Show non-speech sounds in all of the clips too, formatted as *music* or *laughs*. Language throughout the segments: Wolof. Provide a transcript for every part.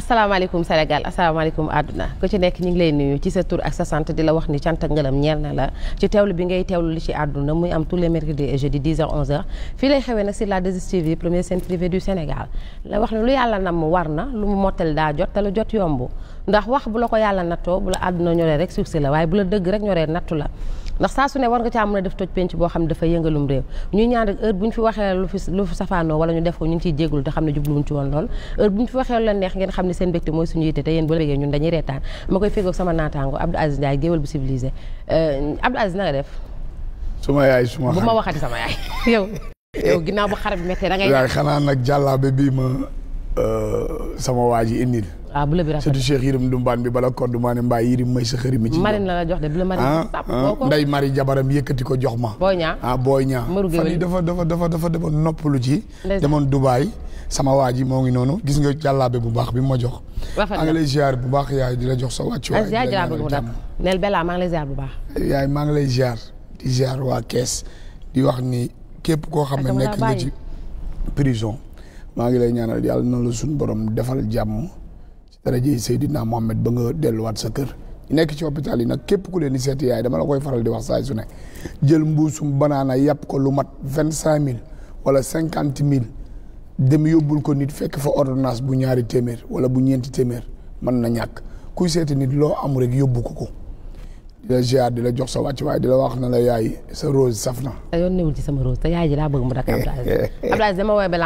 asalaamaaleykum Sénégal asalaamaaleykum àdduna ku ci nekk ñu ngi lay nuyu ci sa tur ak sa sant di la wax ni canta ak ngërëm na la ci teewlu bi ngay teewlu lu ci àdduna muy am tous les mercredis et jeudi 10h fi h fii lay xewee nag si la 2STV première chaîne privée du Sénégal la wax ne lu yàlla nam war na lu mu mottal daa jot te lu jot yomb ndax wax bu la ko yàlla nattoo bu la àdduna ñoree rek suuf la waaye bu la dëgg rek ñoree nattu la ndax saa su ne war nga caa mën a def toj penc boo xam ne dafa yëngalum réew ñuy ñaan rek heure bu ñu fi waxee lu lu fi safaanoo wala ñu def ko ñu ngi ciy te xam ne jubluwuñ ci woon lool heure bu ñu fi waxee lu la neex ngeen xam ne seen mbégte mooy suñu yitte te yéen bu léegi ñun dañuy reetaan ma koy feggoog sama naataango Abdou Aziz Ndiaye géwél bu civilisé euh, Abdou Aziz na def suma ma sama yaay *laughs* yow yow ginnaaw bu xar bi méttee da ngay xanaa nag jàllaabe bii ma Euh, sama waa ji indil. ah bu la bi rafetlu surtout Cheikh Yirim bi bala koddu maa ne mbaa Yirim may sa xëri mi ci marine la jox de bu la marine ah, ah, nday mari jabaram yëkkati ko jox ma. booy ñaa fan yi dafa dafa dafa dafa demoon noppalu ci. demoon baay sama waa ji moo ngi noonu gis nga jàllaabe bu baax bi ma jox. rafet na anglais ziar bu baax yaay di la jox sa wàccuwaay. Ah, di la ñaanal jàmm maa ngi lay ziar yaay maa ngi lay ziar di ziar waa kees di wax ni képp koo xam ne nekk nga ci prison maa ngi lay ñaanal yàlla na la suñu borom defal jàmm ci daraje Seydina Mohamed ba nga delluwaat sa kër nekk ci hôpital yi nag képp ku leen di seeti yaay dama la koy faral di wax saa su ne jël mbuusum banaana yàpp ko lu mat vingt cinq mille wala cinquante mille dem yóbbul ko nit fekk fa ordonnance bu ñaari téeméer wala bu ñeenti téeméer mën na ñàkk kuy seeti nit loo amul rek yóbbu ko ko di la ziar di la jox sa wàcc la wax na la yaay sa rose saf na. te ah, yoon newul ci sama rose te yaay ji laa bëgg mu dakk Abdou Aziz *laughs* Abdou Aziz ma lay woowee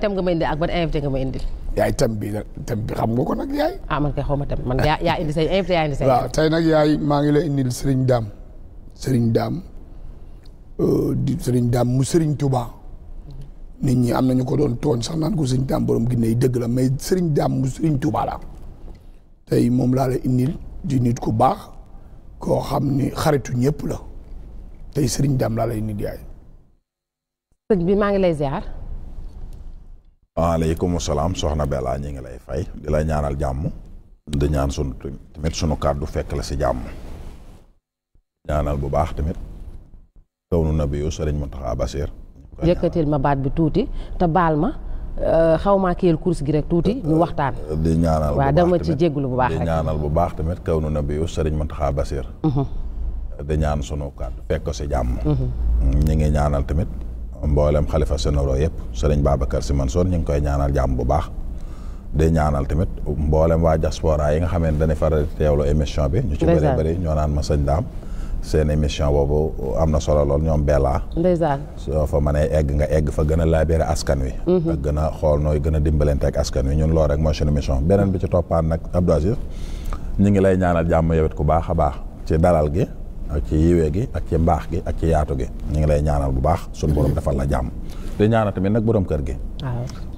nga ma indi ak ban invité nga ma indi. yaay thème bi nag thème xam ko nag yaay. Ah, xaw ma thème man yaa yaa indi say invité yaa indi say. waaw tey nag yaay maa ngi lay indil Serigne Dame Serigne Dame euh, di Serigne Dame mu Serigne tuba nit ñi am nañu ko doon tooñ sax naan ko Serigne Dame borom Guinée dëgg la mais Serigne Dame mu Serigne Touba tey moom laa la indil di nit ku baax koo xam ni xaritu ñëpp la tey sëriñ Dame laa la indil yaay. sëñ bi maa ngi lay ziar. waaleykum salaam soxna Bella ñu ngi lay fay di la ñaanal jàmm. di ñaan sunu tamit sunu kàddu fekk la si jàmm. ñaanal bu baax tamit. kaw nu nabiyu sëriñ Mountakha Bassir. yëkkatil ma baat bi tuuti te baal ma. Euh, xaw maa kiyal course gi rek tuuti ñu euh, waxtaan. di ñaanal bu baax waaw dama ci jégalu bu baax rek di ñaanal bu baax tamit kaw nu na bi Sëriñ Mountakha Bassir. Mhm. di ñaan sunu kàddu fekk ko si jàmm. Mhm. ñu ngi ñaanal tamit mboolem xalifa sénéro yëpp Sëriñ Babacar Sy Mansour ñu ngi koy ñaanal jàmm bu baax. di ñaanal tamit mboolem waa diaspora yi nga xam ne dañuy faral di teewlu émission bi. ñu ci bëri bëri ñoo naan ma sëñ daam. seen mission boobu am na solo lool ñoom Bella. ndeysaan soo fa mënee egg nga egg fa gën a laabéere askan wi. Mhm. ak gën a xool nooy gën a dimbalante askan wi ñun loolu rek mooy seeni mission beneen bi ci toppaan nag Abdou Aziz ñu ngi lay ñaanal jàmm yowit ku baax a baax ci dalal gi ak ci yiwee gi ak ci mbaax gi ak ci yaatu gi ñu ngi lay ñaanal bu baax suñu borom defal la jàmm. di ñaanal tamit nag boroom kër gi.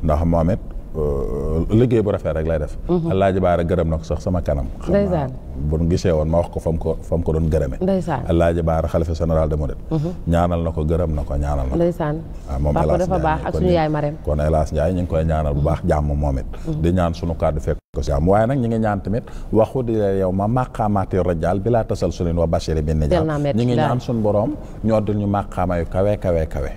ndax moom Euh, liggéey bu rafet rek lay def. Mhm. Alaaji Baara gërëm na ko sax sama kanam. ndeysaan bu nu woon ma wax ko fa mu ko doon gërëme. ndeysaan Alaaji Baara xalifa général de Mouride. Mhm. ñaanal na ko gërëm na ko ñaanal na ko. ndeysaan ah, papa dafa baax ak suñu yaay Marème kon Elaas Ndiaye ñu ngi koy ñaanal bu mhm. baax jàmm moom it. di ñaan sunu kàddu fekk ko si jàmm waaye nag ñu ngi ñaan tamit waxu di la yow ma màqaamaati rajaal bi laa tasal su leen wa bashiri bi nijaal ñu ngi ñaan sunu borom ñoddul ñu màqaama yu kawe kawe kawe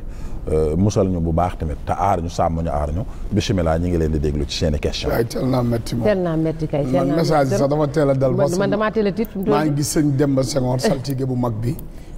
Euh, musal ñu bu baax tamit te aar ñu sàmm ñu aar ñu bisimilah ñu ngi leen di déglu ci seen i questions. waaye teel naa métti moom teel naa métti kay. teel naa message sax dama teel a dal. man damaa teel a tiit maa ngi gis sëñ Demba Senghor saltige bu mag bi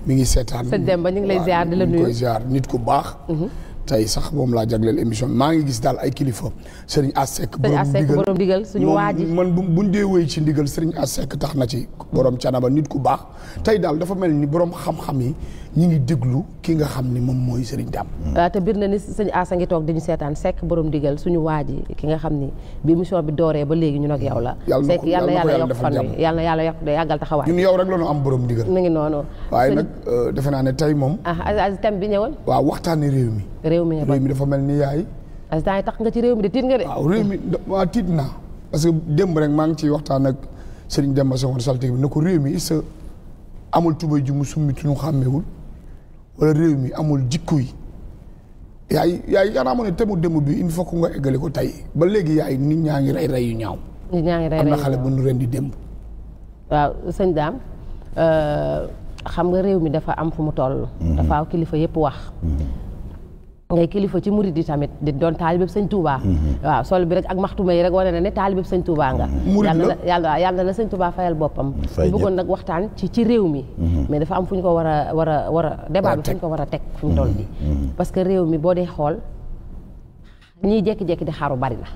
mi ngi seetaan. sëñ Demba ñu ngi lay ziar di la nuyu nit ku baax. Mhm. tey sax moom laa jagleel émission maa ngi gis daal ay kilifa Serigne Asek. borom digal suñu waaji man buñ dee wéy ci ndigal Serigne Asek tax na ci borom canaba nit ku baax tey daal dafa mel ni borom xam-xam yi ñu ngi déglu ki nga xam ni moom mooy Serigne Dame. Mm. Ah, te biir na ni sëñ Asa ngi toog dañu seetaan Seck borom digal suñu waaji ki nga xam ni bi émission bi dooree ba léegi ñun ak yow la. yàlla na ko yàlla yàlla defal jàmm Seck yàlla yàlla yokk fan yàlla yàggal taxawaay. ñun yow rek la ñu am borom digal. mi ngi noonu. waaye nag euh, defe naa ne tey moom. ah as as thème bi ñëwal. waaw waxtaanee réew mi réew mi dafa mel ni yaay. as temps tax nga ci réew mi de tiit nga de. waaw réew mi waa tiit naa. parce que démb rek maa ngi ciy waxtaan ak Serigne Demba Sokone saltige bi ne ko réew mi est-ce que amul tubay ju réew mi amul jikko yi. yaay yaay yaakaar naa ne bi il faut que ko tey ba léegi yaay nit ñaa ngi rey rey yu ñaaw. nit xale bu nu di démb. waaw daam euh, xam nga réew mi dafa am fu mu toll. Mm-hmm. dafa kilifa yëpp wax. Mm-hmm. ngay kilifa ci murid yi tamit di doon taalibeb sëñ Touba. Mhm. waaw sol bi rek ak maxtuma yi rek wane na ne taalibeb sëñ Touba nga. Mhm. murid la yàlla yàlla na sëñ Touba fayal boppam. Mm, fay bëggoon nag waxtaan ci ci réew mi. Mhm. mais dafa am fu ñu ko war a war a war a. débat bi fu ñu ko war a teg fu ñu toll bi parce que réew mi boo dee xool ñiy jékki-jékki di xaru bari na.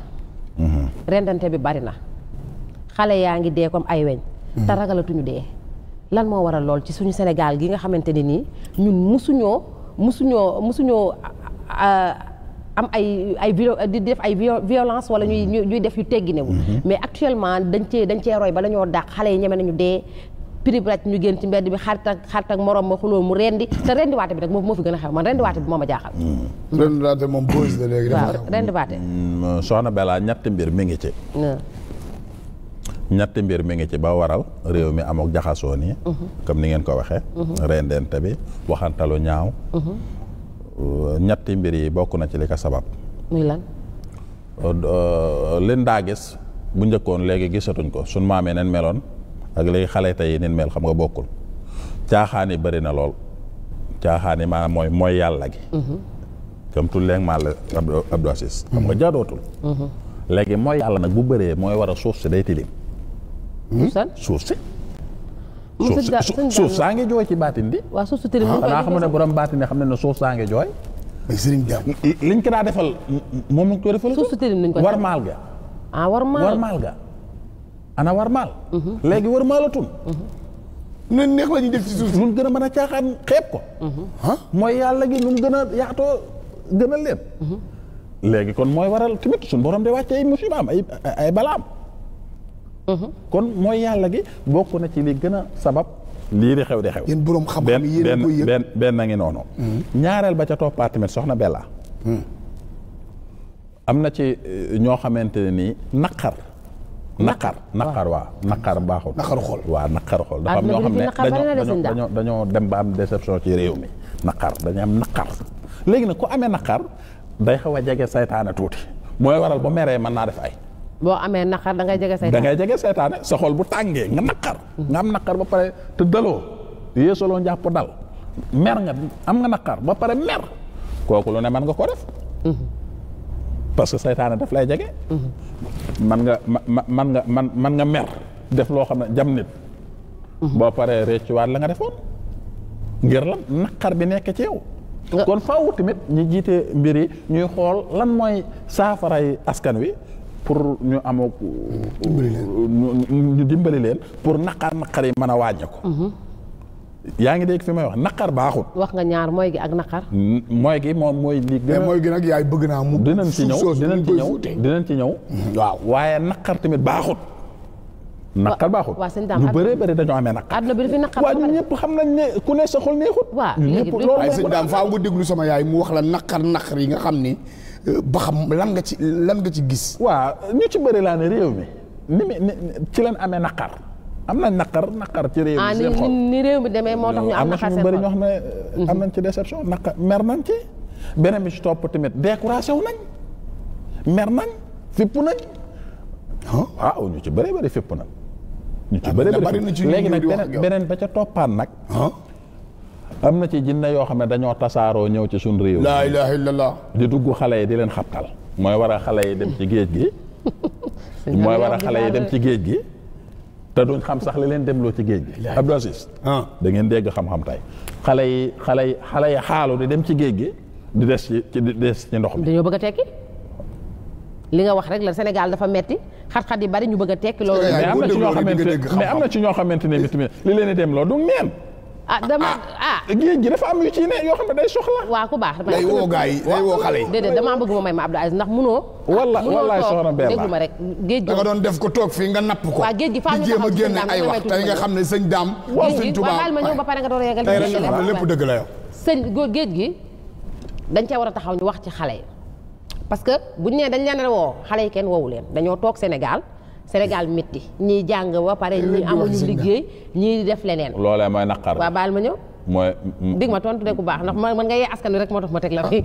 rendante bi bari na. xale yaa ngi dee comme ay weñ. te ragalatuñu dee. lan moo waral lool ci suñu Sénégal gi nga xamante ne nii ñun musuñoo musuñoo musuñoo am ay ay di def ay violence wala ñuy ñuy def yu tegginewul mm-hmm. mais actuellement dañ cee dañ cee roy ba la ñoo dàq xale yi ñeme nañu dee pribraj ñu génn ci mbedd bi xarit ak xarit morom ma xuloo mu rendi te rendi waate bi moom moo fi gën a xew man rendi waate bi moo ma jaaxal mm-hmm. rendi waate moom pose la léegi waaw rendi waate mm, euh, soxna Bella ñetti mbir mi ngi ci mbir mi ngi ci ba waral réew mi amoog jaxasoo nii mm-hmm. comme ni ngeen ko waxee rendente bi waxantalu ñaaw Euh, ñetti mbir yi bokk na ci li ko sabab. muy lan. Euh, euh, daa gis bu njëkkoon léegi gisatuñ ko suñ maamee nen meloon ak léegi xale tey nen mel xam nga bokkul caaxaan yi bëri na lool caaxaan yi mooy mooy yàlla gi. Mm-hmm. comme tout léegi Abdou Aziz xam nga jaadootul. Mm-hmm. léegi mooy yàlla nag bu bëree mooy war a si day tilim. suuf si. suuf saa ngi jooy ci baatin bi. waaw suuf su tëri moom xanaa xam ne borom baatin ne xam ne suuf saa ngi liñ ko daa defal moom lañ ko defal. suuf su tëri nañ ko war maal ga. ah war maal war maal ga. ana war maal. Mhm. léegi war maalatul. lu mhm. neex la ñuy def ci suuf gën a mën a caaxaan xeeb ko. Mhm. mooy yàlla gi lu gën a yaatoo gën a léegi kon mooy waral tamit suñu borom de wàcce ay musibaam ay ay balaam. Mm-hmm. kon mooy yàlla gi bokk na ci li gën a sabab lii di xew di xew. yéen borom xam yi yéen a benn benn benn ngi noonu. Mm-hmm. ñaareel ba ca toppaat tamit soxna Bella. Mm-hmm. am na ci eh, ñoo xamante ne nii naqar. naqar naqar waaw naqar baaxul. naqaru xol waaw naqaru xol. dafa am ñoo xam ne dañoo dañoo dem ba am déception ci réew mi. naqar dañuy am naqar. léegi nag ku amee naqar day xaw a jege saytaane tuuti. mooy waral bu meree mën naa def ay. boo amee naqar da ngay jege seytaane da ngay jege seytaane sa xol bu tàngee nga naqar nga am naqar ba pare te daloo yéesaloo njàpp dal mer nga am nga naqar ba pare mer kooku lu ne mën nga ko def parce que seytaane daf lay jege man nga man nga man man nga mer def loo xam ne jam nit boo paree réccuwaat la nga defoon ngir lan naqar bi nekk ci yow kon faaw tamit ñi jiitee mbir yi ñuy xool lan mooy saafaray askan wi pour ñu amoo. dimbali leen ñu dimbali leen pour naqar naqar yi man a wàññi ko. Mhm. yaa ngi dégg fi may wax naqar baaxul. wax nga ñaar mooy gi ak naqar. mooy gi moom mooy li. gën a mooy gi yaay bëgg naa mu. dinañ ci ñëw dinañ ci ñëw dinañ ci ñëw. waaw waaye naqar tamit baaxul. naqar baaxul ñu bëree bëri dañoo amee naqar. àdduna bi dafay naqar waaw ñun ñëpp xam nañ ku ne sa xol neexut. waaw léegi du ñu waaye déglu sama yaay mu wax la naqar naqar yi nga xam ni ba xam lan nga ci lan nga ci gis. waa ñu ci bëri laa ne réew mi ni mi ci leen amee naqar am nañ naqar naqar ci réew mi. Ah, seen xol ni réew mi demee moo tax ñu am naqar seen xol am na ñu bëri mhm. am nañ ci déception naqar mer nañ ci. beneen bi ci topp tamit découragé wu nañ mer nañ fipp nañ. Ah, waaw ñu ci bëri bëri fipp nañ. ñu ci ah, bëri bëri léegi nag beneen ba ca toppaan nag. am na ci jinne yoo xam ne dañoo tasaaroo ñëw ci suñ réew laa ilaha illallah di dugg xale yi di leen xabtal mooy war a xale yi dem ci géej gi mooy war a xale yi dem ci géej gi te duñ xam sax li leen demloo ci géej gi Abdou Aziz da ngeen dégg xam-xam xale yi xale yi xale yi xaalu di dem ci géej gi di des ci di des ci ndox mi dañoo bëgg a tekki li nga wax rek la senegal dafa metti xat-xat yi bari ñu bëgg a tekki loolu mais am na ci ñoo xamante ne mais ci ñoo xamante ne li leen di demloo du neen ah dama ah. ah. géej gi dafa am yu ci ne yoo xam ne day soxla. waaw ku baax dama day woo gars yi day woo xale yi. damaa bëgg ma may ma Abdou Aziz ndax munoo. walla wallaay soxna Bella déglu rek géej gi. doon def ko toog fii nga napp ko. waaw géej gi faa ñu taxaw génne ay wax tey nga xam ne sëñ daam. waaw sëñ tubaab waaw ma ñëw la géej gi dañ cee war a taxaw ñu wax ci xale yi parce que buñu nee dañ leen woo xale yi kenn woowu leen dañoo toog Sénégal Sénégal métti ñiy jàng ba pare ñi amuñu liggéey ñii def leneen. loolee mooy naqar waaw baal ma ñëw. mooy. dig ma tontu de ku baax ndax man nga yee askan wi rek moo tax ma teg la fi.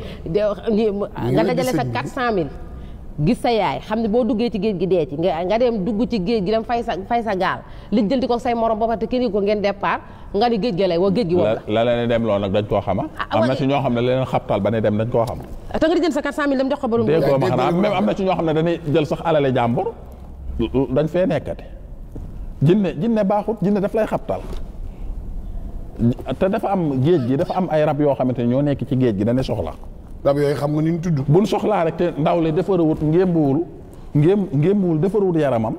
nga dajale sa 400000. gis sa yaay xam ne boo duggee ci géej gi dee ci nga dem dugg ci géej gi dem fay sa fay sa gaal lijjanti ko say morom ba te ko ngeen départ nga ni géej gi lay woo géej gi woo la. la leen dem loolu nag dañ koo xam ah, ah, am na ci ñoo xam ne leen xabtal ba ne dem dañ koo xam. Ah, te nga di jël am na ci ñoo xam ne dañuy jël sax alale jàmbur dañ fee nekkati jinne jinne baaxut jinne def lay xabtal te dafa am géej gi dafa am ay rab yoo xamante ne ñoo nekk ci géej gi dana soxla. rab yooyu xam nga ni ñu tudd. buñ soxlaa rek te ndaw li defarawut ngémbuwul ngém ngémbuwul defarawut yaramam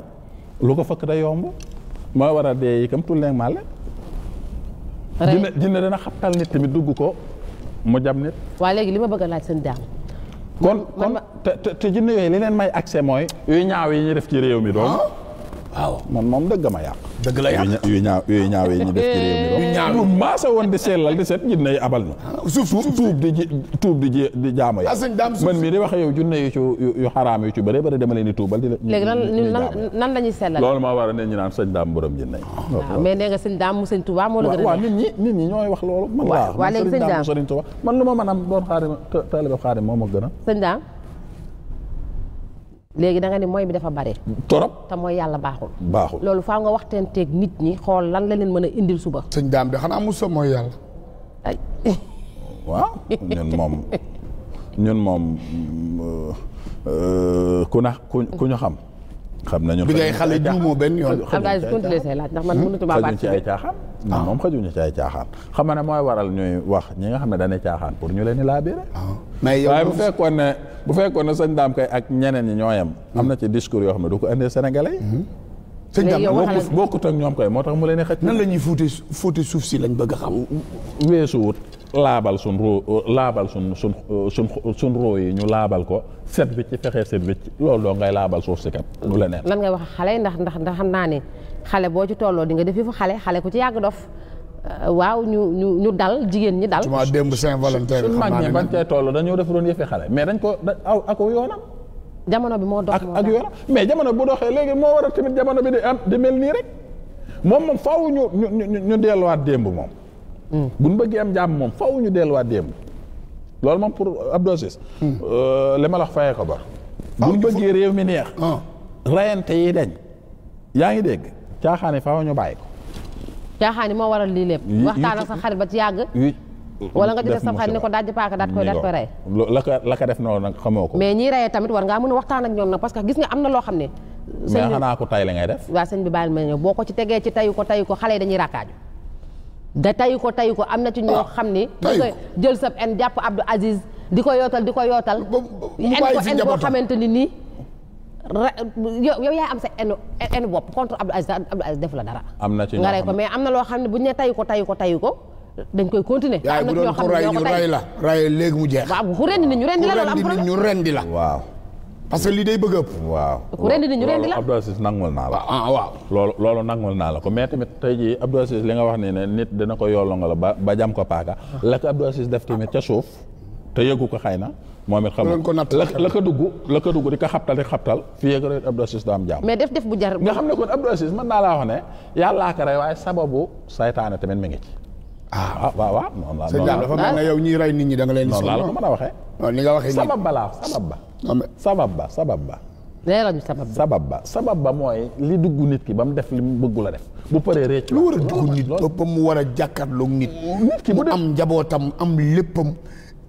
lu ko fëkk da yomb mooy war a dee yi kam tulleeg màlle. jinne jinne dana xabtal nit tamit dugg ko mu jam nit. waa léegi li ma bëgg a laaj seen daam kon kon te te jinne yooyu li leen may accès mooy yu ñaaw yi ñu def ci réew mi doom waaw man moom dëgg ma yàq. dëgg la yàq yu ñaaw yu ñaaw yi ñu def ci réew mi. yu ñaaw yi maasa woon di sellal di set jinne yi ah, suuf tuub di ji tuub man mii di wax yow junne yu ci yu xaraam yu ci bëree bëri dama di tuubal. di léegi nan nan la ñuy sellal. loolu moo waral ne ñu naan daam borom jinne. waaw ah, mais nee nga sëñ daam mu sëñ Tuubaa moo la nit ñi nit ñi ñooy wax loolu. waaw waaw léegi sëñ daam man lu ma mën a am doon xaarim taalibe xaarim moo ma gën léegi da nga ni mooy bi dafa bare. torop te mooy yàlla baaxul. baaxul loolu faa nga wax teen teeg nit ñi xool lan la leen mën a indil suba. sëñ daam de xanaa Moussa mooy yàlla. ay. waaw ñun moom ñun moom euh, euh, ku na ku ñu xam. xam nañu bi ngay xale juumoo benn yoon. xam naa continuer say laaj ndax man mënatuma baat ah. ci ay caaxaan. xajuñu ci caaxaan. xam na ne mooy waral ñuy wax ñi nga xam ne dañuy caaxaan pour ñu leen di laabire ah. mais yow bu fekkoon ne bu fekkoon ne sëñ daam kay ak ñeneen ñi ñoo am na ci discours yoo xam ne du ko indee sénégalais. Mm-hmm. sëñ daam bokkut ak ñoom kay moo tax mu leen xëcc. nan la ñuy fuute fuute suuf si lañ bëgg a xam. weesu wut laabal sun laabal sun sun sun sun roo yi ñu laabal ko set bi ci fexee set ngay laabal suuf si kat du leneen. lan ngay wax xale ndax ndax ndax xam naa ne xale boo ci tolloo di nga def fi fu xale xale ku ci yàgg dof Euh, waaw ñu ñu ñu dal jigéen ñi dal. cuma démb Saint-Valentin suñ mag ñi bañ cay toll dañoo def doon yëfi xale mais dañ ko aw ak yoonam. jamono bi moo dox ak yoonam mais jamono bu doxee léegi moo waral tamit jamono bi di am di nii rek moom moom faaw ñu ñu ñu delluwaat démb moom. Hmm. bu ñu bëggee am jàmm moom faaw ñu delluwaat démb. loolu moom pour abdosis. Hmm. Euh, li ma la fayee ko ba ah, bu ñu bëggee réew mi neex. Ah. rayante yi dañ. yaa ngi dégg caaxaan yi ñu bàyyi ko. caaxaan yi moo waral lii lépp. waxtaan ak sa xarit ba ci yàgg. wala nga jotee sa xarit ne ko daaj paaka daaj koy daaj rey. la ko la ko def noonu a waxtaan ak ñoom na loo xam bi mais xanaa ma ñëw boo ko ci tegee ci tayu ko tayu ko xale yi dañuy rakkaaju. da tayu ko tayu ko am na ci ñoo ah, xam ni. jël sa en jàpp Abdou Aziz di ko yootal di ko yootal. en ko en boo xamante ni nii yow yaay am sa enu enu bopp contre Abdou Aziz Abdou Aziz def la dara. am na ci nga rey ko mais am na loo xam ne bu ñu ne tayu ko tayu ko tayu ko dañ koy continuer. am na ñoo xam ne ñoo ko tay la ray léegi mu jeex. waaw ku rendi nit ñu rendi la loolu am problème ku rendi nit ñu rendi la waaw. parce que lii day bëgg ëpp. waaw ku rendi nit ñu rendi la loolu Abdou Aziz nanguwal naa la. Ah, ah waaw loolu loolu nanguwal naa la ko mais tamit tey jii Abdou Aziz li nga wax nii ne nit dina ko yoolongal ba ba jam ko paaka. Ah. la ko Abdou Aziz def tamit ca suuf te yëgu ko xëy na Mohamed xam nga la ko dugg la ko dugg di ko xabtal di xabtal fii ak rek Abdou Aziz daam jàmm. mais def def bu jar. nga xam ne kon Abdou Aziz mën naa ne yàllaa ko rey waaye sababu saytaane tamit mi ngi ci. ah, ah waaw waaw noonu la. noonu la dafa yow ñiy rey nit ñi danga leen. noonu la ko a waxee. ni nga waxee sabab ba laa sabab ba. sabab ba sabab ba. leeraluñu sabab ba sabab ba sabab ba mooy li dugg nit ki ba mu def li mu bëggu la def. bu paree réccu lu war a dugg nit mu war a jàkkaarloog nit. nit ki bu am njabootam am léppam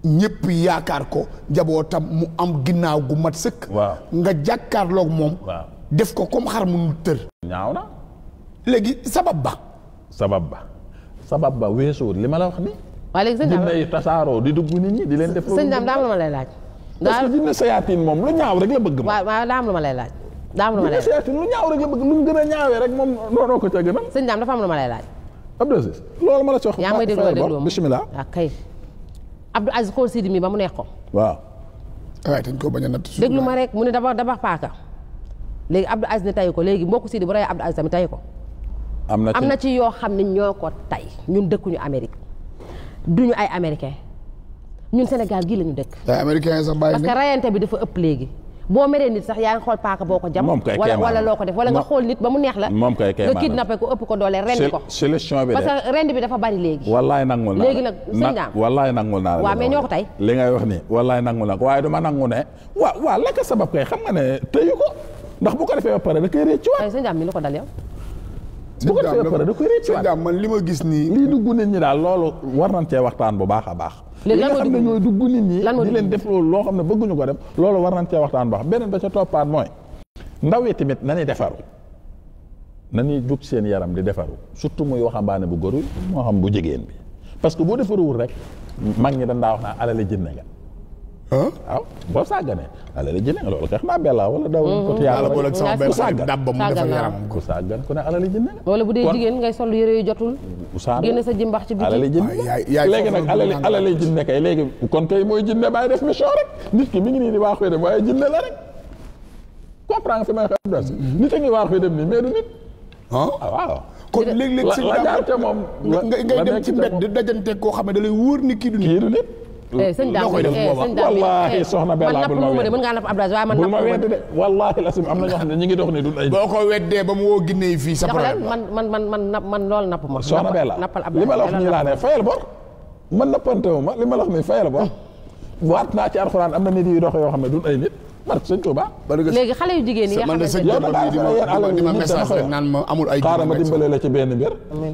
ñëpp yaakaar ko jabootam mu am ginnaaw gu mat sëkk. waaw nga jàkkaarloog moom. waaw def ko comme xar mu tër. ñaaw na. léegi sabab ba. sabab ba sabab ba weesu li ma la wax nii. waa léegi sëñ Dame jinne tasaaroo di dugg nit di leen def. sëñ Dame daam la ma lay laaj. parce que jinne sayaatin moom lu ñaaw rek la bëgg. waaw waaw daam la ma laaj. daam lu ma lay a ñaawee rek moom doonoo ko ca gënal. sëñ Dame dafa am lu ma lay laaj. Abdou Aziz loolu ma la ci ma déglu Abdou Aziz xool Sidi mi ba mu neex ko. waaw. waaye dañ ko bañ a natt. déglu ma rek mu ne dama dama paaka léegi Abdou Aziz ne tay ko léegi mbokku Sidi bu rey Abdou Aziz tamit tay ko. am na ci am na ci yoo xam ne ñoo ko tay ñun dëkkuñu Amérique duñu ay américain ñun senegal gii lañu ñu dëkk. ay américain sax bàyyi bi dafa ëpp léegi. boo meree nit sax yaa ngi xool paaka boo ko jam wala wala loo ko def wala nga xool nit ba mu neex la moom kidnappé ko ëpp ko doole rendi ko solution bi parce que bi dafa bari léegi wallaay nangul naa léegi nag sëñ daam wallaay nangul naa waaw mais ñoo ko tey li ngay wax ni wallaay nangul naa ko dama nangu ne waa waa la ko kay xam nga ne tëyu ko ndax bu ko defee ba pare da koy réccu waat ko dal yow bu ko defee ba pare da koy li ma gis nii lii dugg nit ñi daal loolu war nañ cee waxtaan bu baax a baax léegi lan xam dugg ñooy dugg nit ñi di leen def loolu loo xam ne bëgguñu ko def loolu war nañ cee waxtaan baax beneen ba ca toppaat mooy ndaw yi tamit nañuy defaru nañuy jug seen yaram di defaru surtout muy waxambaane bu góor moo xam bu jigéen bi parce que boo defaruwul rek mag ñi dañ daa wax naa alale jënne nga waaw boo sàgganee ala la jëndee loolu kay xanaa bellaa wala daw ko mm-hmm. yàlla boole sama benn xarit dàbbam mu defal yaram ku sàggan ku ne ala la jëndee wala bu dee jigéen ngay sol yére yu jotul génn sa jimbax ci biti ala la jëndee léegi nag ala ala la jëndee kay léegi kon kay mooy jëndee bàyyi def mission rek nit ki mi ngi nii di waaxu dem waaye la rek comprendre sama xel dos nit a ngi waaxu dem nii mais ah, waaw kon léeg-léeg si nga ngay dem ci mbedd di dajante koo xam ne da lay wóor ni kii du nit Eh, eh, sëñ Dame koy booba wallaahi soxna Bella bul ma wedd de wallaahi lasim am na ñoo xam ne ñu ngi dox ne boo ko weddee ba mu woo Guinée fii sa problème man man man man napp man loolu ma soxna Bella li ma la wax nii laa ne man nappante wu ma li ma *laughs* waat naa ci alxuraan am na nit yu dox yoo xam ne ay nit barke sëñ Touba. léegi xale yu jigéen yi nga xamante ne yow da ngaa def ne alal yi nit dafa xëy naan ma ay xaaral ma dimbale la ci benn mbir.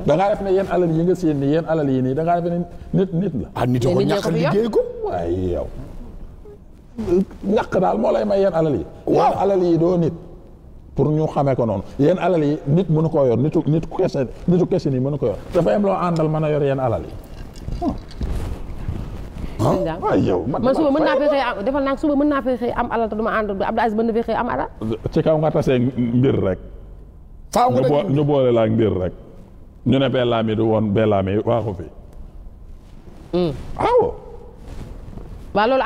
da ngaa def ne alal yi nga seen yéen alal yi nii da def ne nit nit la. ah nit ko ñàkk liggéey ko waaye yow. ñàkk daal moo lay may yéen alal yi. waaw yéen alal yi doo nit. pour ñu xamee ko noonu yéen alal yi nit mënu koo yor nitu nit ku kese nitu kese nii mënu ko yor dafa am loo àndal mën a yor yéen alal yi waaw yow man suba mën naa fee xëy am defal naa suba mën naa fee xëy am alal te du ma ànd Abdou Aziz mën na fee xëy am alal ci kaw nga tasee mbir rek ñu boole laa mbir rek ñu ne Bellamy du woon Bellamy waaxu fi waaw hmm. waaw loolu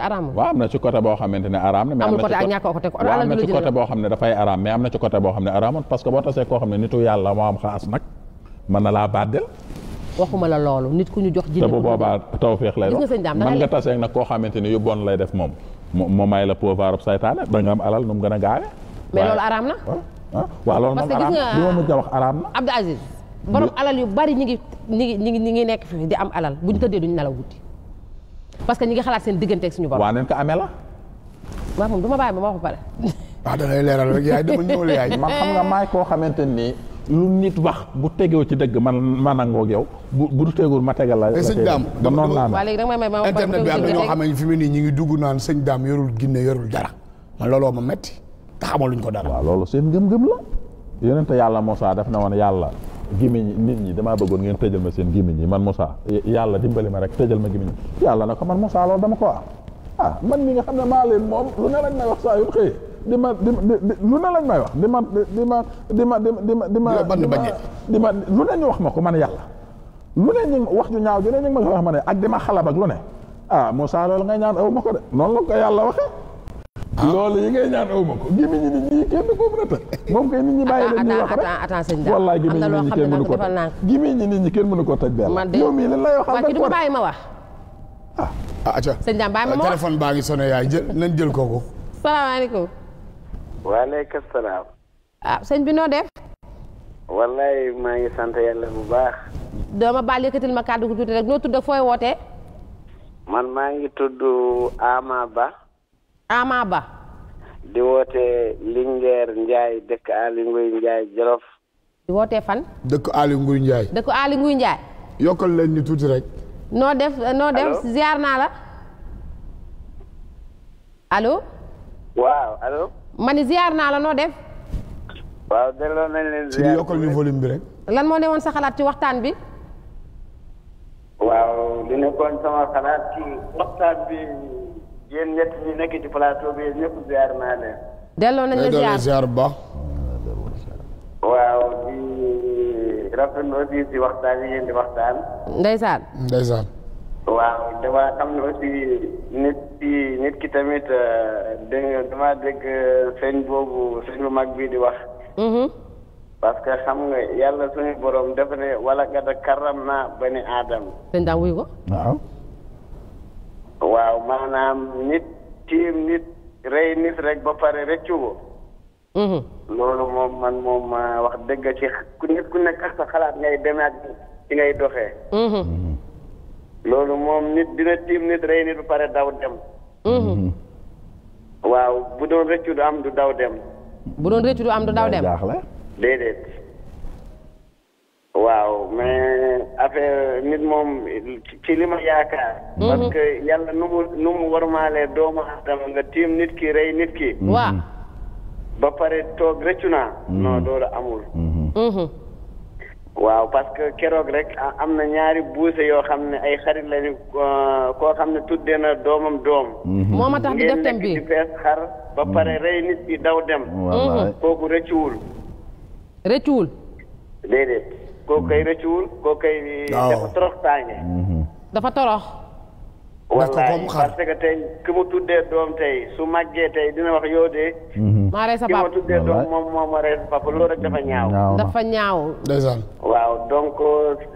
am na ci côté boo xamante ne araam boo xam ne dafay araam mais am na ci côté boo xam ne araamul parce que boo tasee koo xam ne nitu yàlla moo am xaas nag mën na laa waxuma la loolu nit ku ñu jox jinne te bu boobaa tawféex lay doon man nga tasee nag koo xamante yu bon lay def moom moo may la pouvoir ab saytaane da nga am alal nu mu gën a gaawe mais ah, ah, ma mujj a wax araam yu bari ñi ngi ñi ngi ñi ngi nekk fi di am alal buñ tëddee duñ nelaw guddi parce que ñi seen diggante ak suñu borom waaw neen ko amee la moom du bàyyi ba ma wax pare waaw ah, da ngay leeral rek yaay dama ñëwul yaay man xam nga maay koo xamante nii lu nit wax bu tegoo ci dëgg man ma nangoo ak yow bu bu tegul ma tegal la. Eh, sëñ daam ba noonu naa internet bi am na ñoo xam ne fi mu ne ñi ngi dugg naan sëñ daam yorul ginne yorul dara ma metti ko dara. waaw loolu seen gëm-gëm la. yonente yàlla Moussa daf na woon yàlla gémmiñ nit ñi damaa bëggoon ngeen tëjal ma seen gémmiñ yi man ma rek tëjal ma gémmiñ yàlla na ko man Moussa loolu dama ko ah man mi nga xam ne maa leen moom lu ne lañ may saa yu xëyee di ma di lu ne ma may wax di ma di ma di ma di ma di ma di ma lu ne ñu wax ma ko man yàlla lu ne ñu wax ju ñaaw ju ne ñu ma ko wax ma ne ak di ma xalab ak lu ne ah Moussa loolu ngay ñaan aw ma ko de noonu la ko yàlla waxee loolu yi ngay ñaan aw ma ko gémmi ñi nit ñi kenn ko mën a tëj moom kay nit ñi bàyyi leen ñuy wax rek wallaay gémmi ñi nit ñi ko tëj gémmi ñi nit ñi kenn mënu ko tëj benn yow ma wax ah aca téléphone baa ngi sonné yaay jël nañ jël kooku salaamaaleykum waaleykum salaam. ah sëñ bi noo def. wallaay maa ngi sant yàlla bu baax. dooma baal yëkkatil ma kàddu gu tuuti rek noo tudd fooy wootee. man maa ngi tudd Ama Ba. Ama Ba. di wootee Linguère Ndiaye dëkk Jolof. di fan. dëkk Aliou Nguy Ndiaye. dëkk Aliou yokkal leen ñu noo def noo def ziar naa la. alo waaw allo. ma ni ziar naa la noo def. waaw delloo nañ leen ziar ci bi rek. lan moo ne woon sa xalaat ci waxtaan bi. waaw li nekkoon sama xalaat ci waxtaan bi yéen ñett nekk ci plateau bi ñëpp ziar naa ne delloo nañ la ziar ziar bu baax. waaw di rafetlu aussi si waxtaan yi ngeen di waxtaan. ndeysaan ndeysaan. waaw damaa xam ne aussi nit ki nit ki tamit euh, dégg nga damaa dégg euh, sëñ boobu sëñ bu mag bii di wax. Mm-hmm. parce que xam nga yàlla suñu borom dafa ne wala gada karam naa bani aadam. sëñ daa wuy ko. waaw. waaw maanaam nit tiim nit rey nit rek ba pare rëccu ko. Mm-hmm. loolu moom man moom euh, wax dëgg ci ku nit ku nekk ak sa xalaat ngay demee ak ci ngay doxee. Mm-hmm. loolu moom nit dina tiim nit rey nit ba pare daw dem. Mm-hmm. waaw bu doon rëccu du am du daw dem. bu doon rëccu du am du daw dem. déedéet. waaw mais affaire nit moom ci li ma yaakaar. Mm-hmm. parce que yàlla nu mu nu mu warmaalee doomu aadama nga tiim nit ki rey nit ki. Mm-hmm. waaw. ba pare toog rëccu naa. non loolu amul. waaw parce que keroog rek am na ñaari buuse yoo xam ne ay xarit lañu euh, koo xam ne tudde na doomam doom. Mhm. moo ma tax di def thème bi di fees xar ba pare mhm. rey nit yi daw dem. Mhm. kooku rëccuwul. rëccuwul. déedéet kooku kay dafa torox tànge. dafa torox. wallaay parce que tey ki mu tuddee doom tey su màggee tey dina wax yoo de. Mhm. maa rey sa papa ki ma tuddee doom moom moom ma rey sa papa loolu rek dafa ñaaw. dafa ñaaw. ndeysaan. waaw donc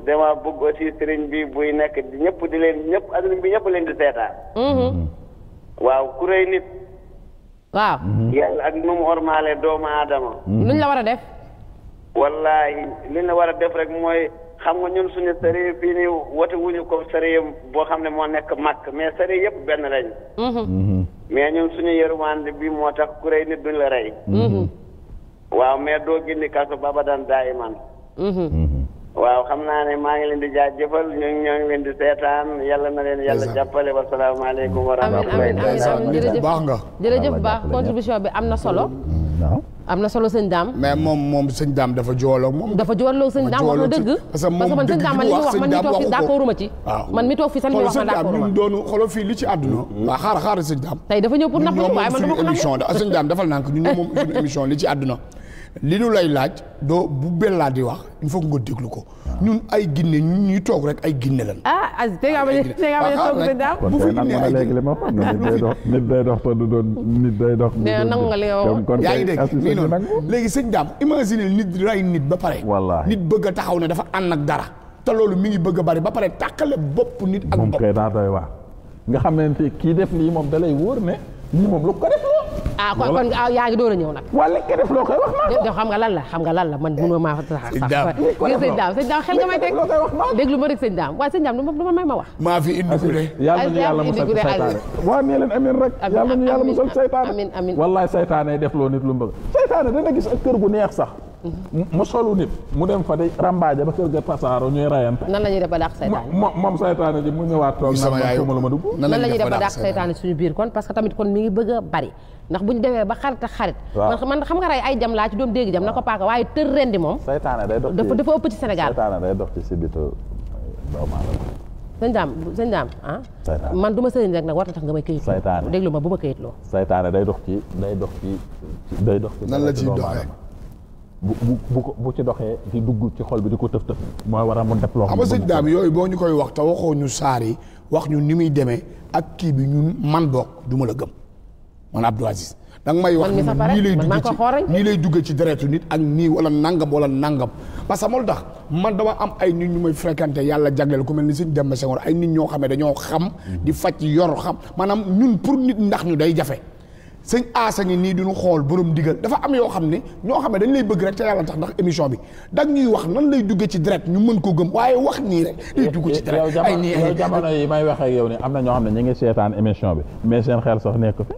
dama bëgg aussi sëriñ bi buy nekk ñëpp di leen ñëpp adduna bi ñëpp leen di seetaan. Mhm. Mhm. waaw ku rëy nit. waaw. yàlla ak nu mu ormaale doomu aadama. luñ la war a def. wallaahi liñ la war a def rek mooy. xam nga ñun suñu sëriñ fii nii wote wuñu ko sëriñ boo xam ne moo nekk màkk mais sëriñ yëpp benn lañ. Mhm. Mhm. mais ñun suñu yërmande bi moo tax ku rey nit duñ la rey. Mhm. waaw mais doo génn baba ba daa daayiman. waaw xam naa ne maa ngi leen di jaajëfal ñu ngi ñoo ngi leen di seetaan yàlla na leen yàlla jàppale wa salaamaaleykum wa rahmatulah. amiin amiin amiin jërëjëf baax nga. jërëjëf baax contribution bi am na solo. am na solo sëñ daam mais moom moom sëñ daam dafa jooloo moom. dafa jooloo sëñ daam wax na dëgg. parce que man sëñ daam man wax man mi toog fii ma ci. man mi toog fii sax li wax ma d'accord ma doonu xooloo fii li ci àdduna. Hmm. waaw xaar xaar sëñ daam. tey dafa ñëw pour napp waaye man dama ko émission da sëñ daam dafa nànk ñun moom suñu émission li ci àdduna. li ñu lay laaj doo bu bellaa di wax il faut nga déglu ko. ñun ay ginne ñu toog rek ay ginne lan. ah as dégg nga ah, ah, ah, bu fi ginne ay ginne nit day dox *laughs* te du doon nit day dox. yaa ngi dégg léegi sëñ Dame nit ray nit ba pare. nit bëgg a taxaw ne dafa ànd ak dara. te loolu mi ngi bëgg a bari ba pare tàqale bopp nit. ak bopp moom kay daa doy waar. nga xamante kii def lii moom dalay wóor ne lii moom lu ko def ah kon kon ah, yaa ngi door a ñëw nag. wala nga def loo koy wax maa ko. xam nga lan la xam nga lan la man mënuma maa sax. sëñ Dame sëñ Dame sëñ Dame xel nga may teg déglu ma rek sëñ Dame waaye sëñ Dame du ma may ma wax. maa fi indi ku ne. yàlla na yàlla musal saytaane. waaw nee leen amiin rek. yàlla na yàlla musal saytaane. amiin amiin wallaay saytaane def loo nit lu mu bëgg. saytaane dana gis ak kër gu neex sax. Mhm. mu solu nit mu dem fa de rambaaja ba kër ga tasaaro ñuy rayante. nan la ñuy def ba dàq saytaane. moom saytaane ji mu ñëwaat toog. sama yaay nan la ñuy def ba dàq saytaane suñu biir kon parce que tamit kon mi ngi bëgg a bari ndax bu ñu demee ba xarit ak xarit man xam nga rey ay jam laa ci doom dégg jam na ko paaka waaye tër rendi moom saytaane day dox dafa ëpp ci Sénégal saytaane day dox ci si biir doomu aadama sëñ ah? man du ma sëriñ rek nag war na nga may këyit saytaane déglu ma bu ma këyit loo saytaane day dox ci day dox ci day dox ci nan la ciy doxee bu bu bu ci doxee di dugg ci xol bi di ko tëf tëf mooy war def loo xam nga sëñ daam yooyu boo ñu koy wax te waxoo ñu saar yi wax ñu ni muy demee ak kii bi ñu man bokk du ma la gëm man Abdou Aziz danga may wax nii lay dugg ci lay duggee ci deretu nit ak nii wala nangam wala nangam parce que amul tax man dama am ay nit ñu may fréquenté yàlla jagleel ku mel ni sëñ Demba Senghor ay nit ñoo xamee dañoo xam di faj xam maanaam ñun pour nit ndax ñu day jafe sëñ aasa ngi nii duñu xool borom digal dafa am yoo xam ne ñoo xam ne dañ lay bëgg rek te yàlla ndax émission bi dag ñuy wax nan lay duggee ci direct ñu mën ko gëm waaye wax nii rek day nii ay jamono yi wax ak yow na ñoo xam ne ñu ngi seetaan émission bi mais seen xel sax nekk fi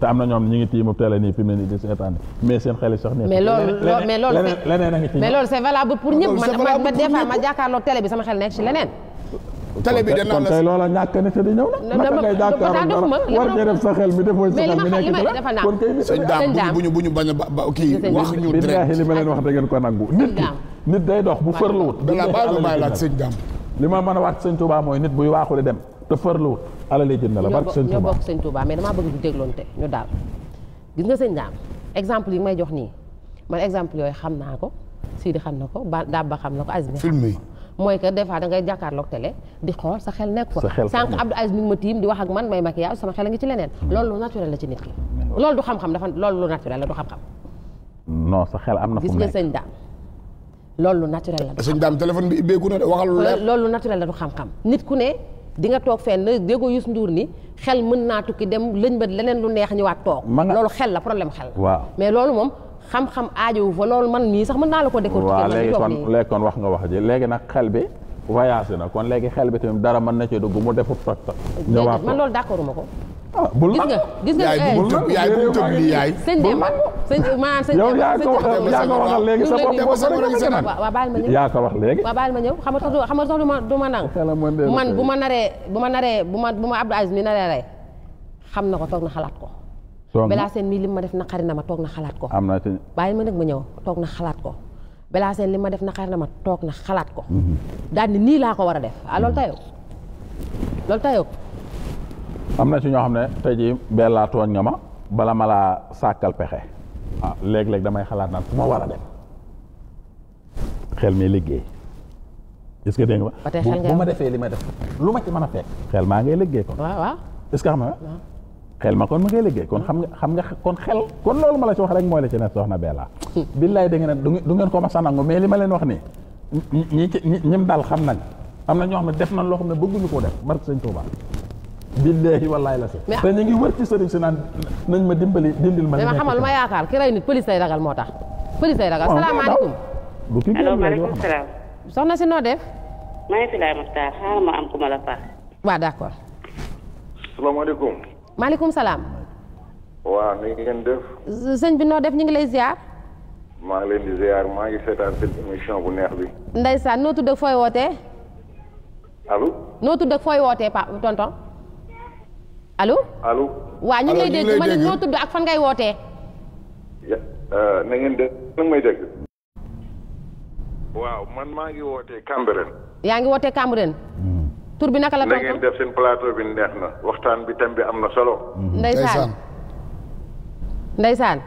te am na ñoom ñu ngi tiimu télé nii fi mu di seetaan mais seen xel sax. mais loolu mais leneen a ngi ci mais loolu c'est valable pour ñëpp man man des fois ma jàkkaarloo télé bi sama xel nekk ci leneen. télé bi dana la kon tey loola ñàkk a nekk di ñëw na. a ba kii wax ñu direct li ma leen wax da ko nit ki nit day dox bu fërluwut. da li ma mën waat sëñ Tuubaa mooy nit buy waaxule dem te fërluwut alalee jënd la barke sëñ Touba sëñ Touba mais damaa bëgg du dégloonte ñu daal gis nga sëñ daam exemple yi may jox nii man exemple yooyu xam naa ko di xam na ko ba Dabba xam na ko Azmi film mooy que des fois da ngay jàkkaarloog télé xool sa xel nekk ko sànq Abdou Aziz mi ma tiim di wax ak man may ma maquillage sama xel a ngi ci leneen mm. loolu lu naturel la ci nit ki loolu du xam-xam dafa loolu lu naturel la du xam-xam non sa xel am na gis nga sëñ daam loolu lu naturel la sëñ daam téléphone bi ibbeeku na de naturel la du xam-xam nit ku ne di nga toog fenn déggoo Youssou nduur ni xel mën naa tukki dem lëñ ba leneen lu neex ñëwaat toog. loolu xel la problème xel la. waaw mais loolu moom xam-xam aajowu fa loolu man mii sax mën naa la ko décortiquer. waaw léegi kon léegi kon wax nga wax ji léegi nag xel bi voyagé na kon léegi xel bi tamit dara mën na ci dugg mu defu toj toj. ñëwaat man loolu d'accord ma ko. ah bul la gis nga yaay eh, bu tëb yaay bu tëb lii yaay. ma ñëw xam nga tax xam du ma ma nang man bu ma naree bu ma naree bu ma bu ma Abdou Aziz mi naree rey xam na ko toog na xalaat ko Bella Sène mii li ma def naqari na ma toog na xalaat ko am na te ma nag ma ñëw toog na xalaat ko Bella li ma def naqari na ma toog na xalaat ko mhm. daal nii laa ko war a def ah loolu mhm. tayoo loolu tayoo am na ci ñoo xam ne te ji Bella tooñ nga ma bala ma laa sàkkal pexe waaw ah, léeg-léeg damay xalaat naan fu ma war a dem xel mi liggéey est-ce que dégg nga bu ma defee li ma def lu ma ci mën a fekk xel maa ngay liggéey kon waaw waaw est-ce que xam nga ma kon ma ngay liggéey kon xam nga xam nga kon xel kon loolu ma la ci wax rek mooy la ci ne soxna Bella *laughs* billaay da ngeen du ngeen ko ma sa nangu mais li ma leen wax nii ñi ñi ñim daal xam nañ am na ñoo xam ne def nañ loo xam ne bëgguñu koo def barke sëñ Tuubaa billaahi wallaahi la si. te ñu ngi wër ci sëriñ si naan nañ ma dimbali dindil ma. dama xamal ma yaakaar ki rey nit police lay ragal moo tax. police lay ragal salaamaaleykum. bu kii allo maaleykum salaam. soxna si noo def. maa ngi fi laay xaaral ma am ku ma la paas. waaw d'accord. salaamaaleykum. maaleykum salaam. waaw ni ngeen def. sëñ bi noo def ñu ngi lay ziar. maa ngi leen di ziar maa ngi seetaan seen émission bu neex bi. ndeysaan noo tudd ak fooy wootee. allo. noo tudd ak fooy wootee allo allo. waaw ñu ngi lay dégg ma ne noo tudd ak fan ngay wootee. Euh, na ngeen def nag may dégg. waaw man maa ngi wootee Cambérène. yaa ngi wootee Cambérène. Hmm. tur bi naka la. na ngeen def seen plateau bi neex na waxtaan bi tam bi am na solo. Hmm. ndeysaan ndeysaan. Euh,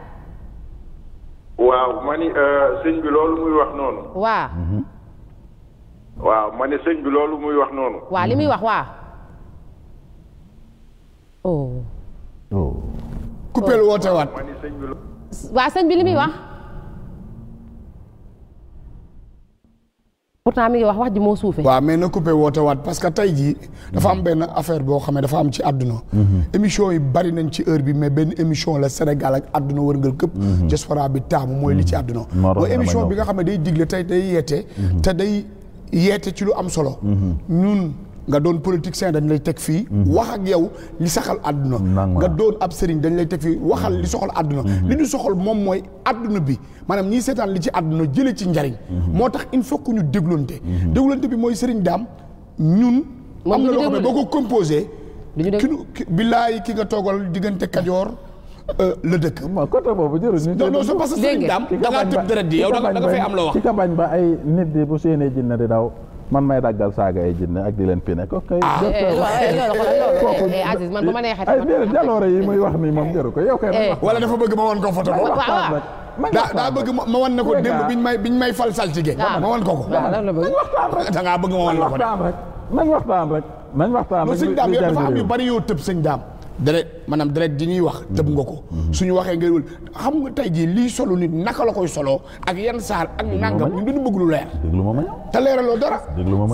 hmm. waaw ma ni sëñ bi loolu muy wax noonu. waaw. waaw ma ni sëñ bi loolu muy wax noonu. waaw li muy wax waaw. oh. oh. coupé woote waat. waa sëñ bi li muy wax. pourtant mi ngi wax wax ji moo suufee. waa mais na coupé woote parce que tey jii. dafa am benn affaire boo xam dafa am ci àdduna. Mm-hmm. émission yi bari nañ ci heure bi mais benn émission la Sénégal ak àdduna wërngal këpp. Mm-hmm. diaspora bi taamu mooy li ci mm-hmm. àdduna. moo émission bi nga xam ne day digle tey day yeete. te day yeete ci lu am solo. ñun. nga doon politicien dañ lay teg fii mhm. wax ak yow li saxal àdduna nga doon ab sëriñ dañ lay teg fii waxal li mhm. soxal àdduna mhm. li ñu soxal moom mooy àdduna bi maanaam ñiy seetaan li ci àdduna jële ci njariñ moo tax il faut que ñu déglante déglante bi mooy sëriñ daam ñun am na loo ne boo ko composé ki nu billaay ki nga toogal diggante kajoor euh, la dëkk. waaw côté boobu jërëjëf. non non que sëriñ daam da ngaa tëb dërët di am loo wax. ci campagne ba ay nit di bu seenee jinne di daw. man may daggal saaga ay jinne ak di leen pine ko kay. Ah, eh, eh, kooku eh, Aziz man ma neexee ay yi muy wax ni moom jaru ko yow kay wala dafa bëgg ma wan ko photo daa bëgg ma wan ne ko démb biñ may biñ may fal saltige ah. ma wan ko ko ah, da ngaa bëgg ma wan la ko de nañ waxtaan rek nañ waxtaan rek nañ waxtaan rek sëñ daam dafa am yu bari yoo tëb sëñ daam deret maanaam deret di ñuy wax tëb nga ko mm-hmm. suñu waxee nga wël xam nga tey jii lii solo nit naka la koy solo ak yan saal ak nangam ñu dañu bëgg lu leer te leeraloo dara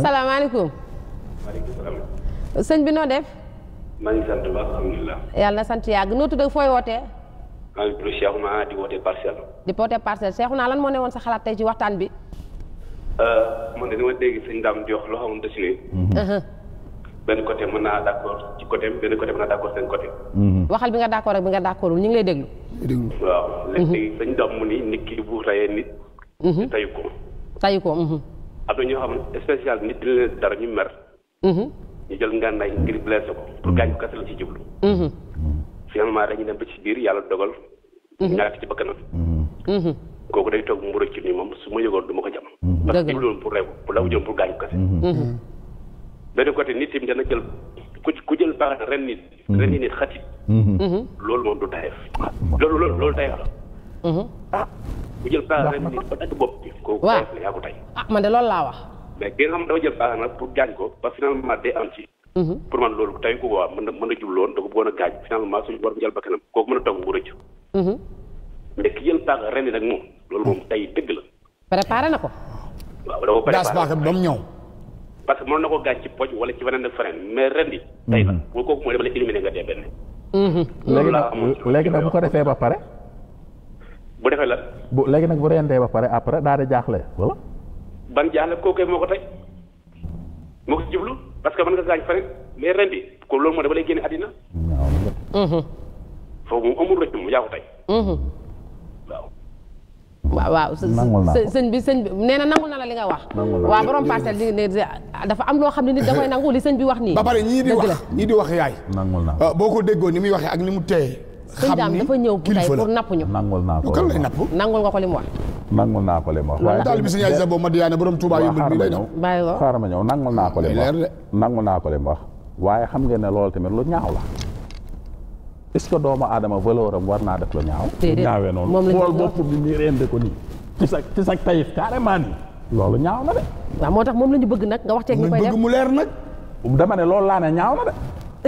salaamaaleykum sëñ bi noo def maa ngi yàlla sant yàgg nootu tudd ak fooy wootee maa ngi tudd Cheikh Ouna di wootee parcelle di moo ne woon sa xalaat tey ci waxtaan bi euh, man de dama dégg sëñ Dame di wax loo xamante si ne uh-huh. benn côté mën a d'accord ci côté benn côté mën naa d'accord seen côté. Mhm. waxal bi nga d'accord ak bi nga d'accordul ñu ngi lay déglu. déglu waaw léegi mhm. dañu doon mu ni nit ki bu rayee nit. Mhm. tayu ko. tayu ko. am na ñoo xam ne spécial nit dina leen dara ñu mer. ñu jël ngànnaay ngir blessé ko pour gaañ ko kese la ci jublu. finalement dañuy dem ba ci biir yàlla dogal. ñàkk ci bakkanam. kooku day toog mu rëcc ni moom su ma yëgoon du ko jam. parce que jublu woon pour rey ko benn côté nit yi dana jël ku ku jël baax ren nit. Mm-hmm. ren nit xati. Mm-hmm. Mm-hmm. loolu moom du tayef. loolu loolu loolu ah ba dagg bopp bi. kooku tayef la yaa ko tay. ah man de loolu laa wax. mais ki nga xam dafa jël baax nag pour gaañ ko ba finalement day am ci. pour man loolu tay ko waa mën na mën na jublu woon da ko bëggoon a gaañ finalement suñu war jël ba kanam kooku mën a toog mu rëcc. mais ki jël baax ren nit nag moom loolu moom tay dëgg la. préparé na ko. waaw da ko préparé ba ñëw. parce que mënoon na ko gaañ ci poj wala ci feneen ak feneen mais ren di. Mhm. tey la boo kooku mooy dama lay éliminer nga dee benn. Mhm. loolu laa léegi nag bu ko defee ba pare. bu defee la. bu léegi nag bu rendee ba pare après daal di jaaxle wala. ban jaaxle kooku moo ko tey moo ko jublu parce que mën nga gaañ feneen mais ren di ko loolu moo dama lay génne àddina. Mhm. foofu moom amul rëcc moom yaa ko tey. waaw waaw sëñ bi sëñ bi nee na nangul na la li nga wax waaw borom parcelle dafa am loo xam ne nit da koy nangu li sëñ bi wax nii ba pare ñii di wax ñii di wax yaay nangul naa ah, boo ko déggoo ni muy waxee ak ni mu teye xam ni dafa ñëw tey pour napp ñu nangul naa ko kan lay napp nangul nga wax nangul naa ko li wax waaye daal bi sëñ yaay sa lay bàyyi ko xaaral ma ñëw nangul naa ko li wax naa ko li mu waaye xam ngeen ne loolu tamit lu ñaaw la est-ce que doomu aadama valeuram war naa def lu ñaaw. ñaawee noonu xool bopp bi nii rende ko nii. ci sa ci sa tayif carrément nii. loolu ñaaw na de. waaw moo tax moom la ñu bëgg nag nga wax ceeg ñu koy def bëgg mu leer nag. dama ne loolu laa ne ñaaw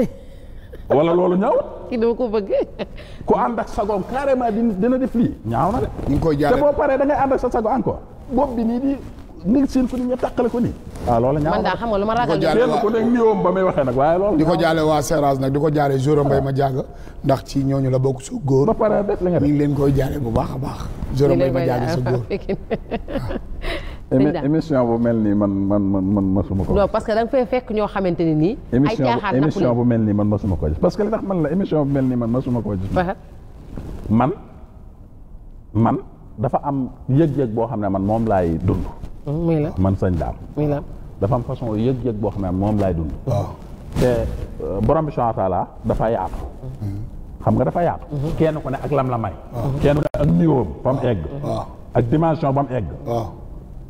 *laughs* wala loolu ñaaw. kii dama ko bëgg. *laughs* ku ànd ak sagoom carrément dina def lii. ñaaw na de. ñu ngi koy jaaree te boo paree da ngay ànd ak sa sago encore. bopp bi nii di. ni seen ko ni nga tàqale ko nii waaw ah, loolu ñaaw man daa xam nga lu ma ragal kenn waxee nag waaye loolu di ko jaale waa Seras nag di ko jaale Joro Mbaye ma jaaga ndax ci ñooñu la bokk su góor ba pare def la nga def ñu ngi leen koy jaale bu baax a baax Joro Mbaye ma jaaga sa góor ah, ah, émission bu mel nii man man man man masuma ko. non parce que da nga fay fekk ñoo xamante ne nii. ay caaxaan bu mel nii man masuma koo gis parce que li tax man la émission bu mel nii man masuma ko gis. man man dafa am yëg-yëg boo xam ne man moom laay dund. muy la man sañ daam muy la dafa am façon yëg-yëg boo xam ne moom laay dund te euh, borom bi subhaanahu wa taala dafa yaatu mm-hmm. xam nga dafa yaatu mm-hmm. kenn ku ne ak lam la may kenn ku ne ak niveau ba mu egg ak dimension ba mu egg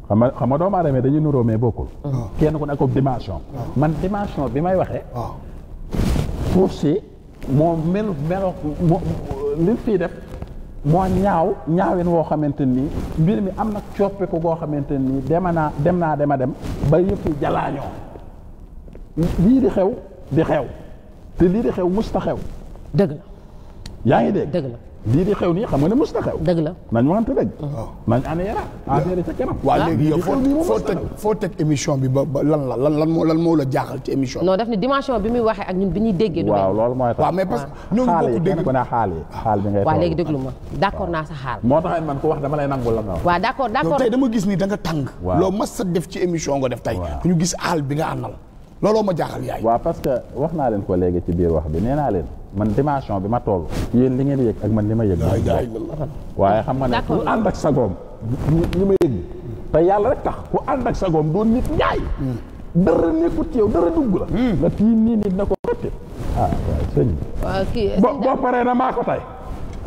xam nga xam nga doomu aadama dañuy nuróo mais bokkul kenn ku ne ak dimension man dimension bi may waxee suuf si moo mel melo li fii def moo ñaaw ñaawin woo xamante nii mbir mi am nag coppeeku goo xamante nii dema naa dem naa dem a dem ba yëpp yi jalaañoo lii di xew di xew te lii di xew musta xew dëgg la yaa ngi dégg dëgg la lii di xew nii xam nga ne mës na xew. dëgg la nañ waxante dëgg. Oh. Oh. Ah, léegi yow foo teg foo teg bi ba lan la lan lan moo lan moo la jaaxal ci émission bi. non daf ne dimension bi muy waxee ak ñun bi ñuy déggee. du mel waaw loolu mooy tax waaw mais parce que ñoo ngi bokk dégg. xaal yi ah. xaal bi ngay waaw ma d' accord naa sa xaal. moo tax man ko wax dama lay nangul la nga wax. waaw d' accord d' accord tey dama gis ni da nga tàng. waaw loo mas def ci nga def tey. waaw ñu gis xaal bi nga àndal looloo ma jaaxal yaay. waaw que wax naa leen ko léegi ci biir wax bi nee naa leen man dimension bi ma toll yéen li ngeen yëg ak man li ma yëg waaye xam nga ne ku ànd ak sagoom ñi ma yëg te yàlla rek tax ku ànd ak sagoom doon nit ñaay hmm. dara nekkut yow dara dugg la la hmm. tii nii nit na ko rëtte ah waaw boo paree na maa ko tay